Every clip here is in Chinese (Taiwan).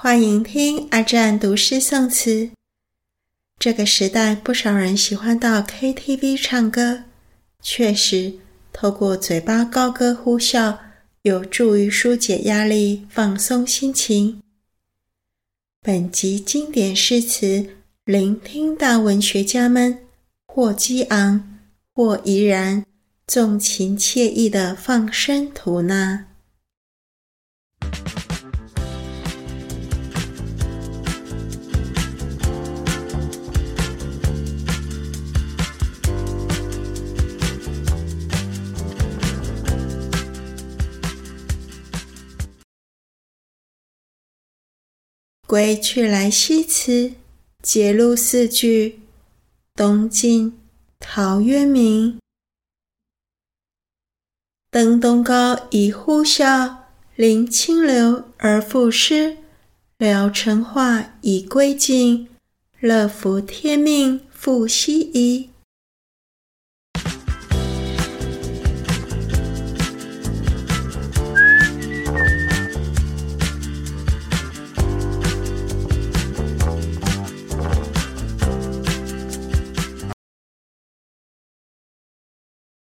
歡迎聽阿占讀詩宋詞。這個時代，不少人喜歡到 KTV 唱歌，確實，透過嘴巴高歌呼嘯，有助於紓解壓力、放鬆心情。本集經典詩詞，聆聽大文學家們或激昂，或怡然，縱情愜意的放聲吐納。《歸去來兮辭》節錄四句，東晉，陶淵明。登東皋以舒嘯，臨清流而賦詩。聊乘化以歸盡，樂夫天命復奚疑。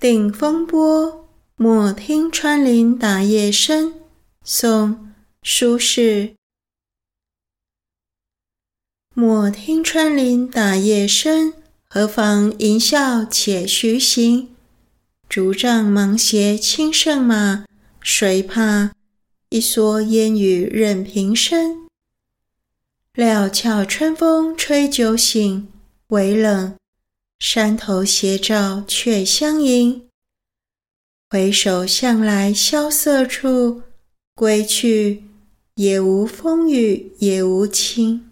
定風波：莫聽穿林打葉聲。宋·蘇軾。莫聽穿林打葉聲，何妨吟嘯且徐行。竹杖芒鞋輕勝馬，誰怕？一蓑煙雨任平生。料峭春風吹酒醒，微冷。山頭斜照卻相迎。回首向來蕭瑟處，歸去，也無風雨也無晴。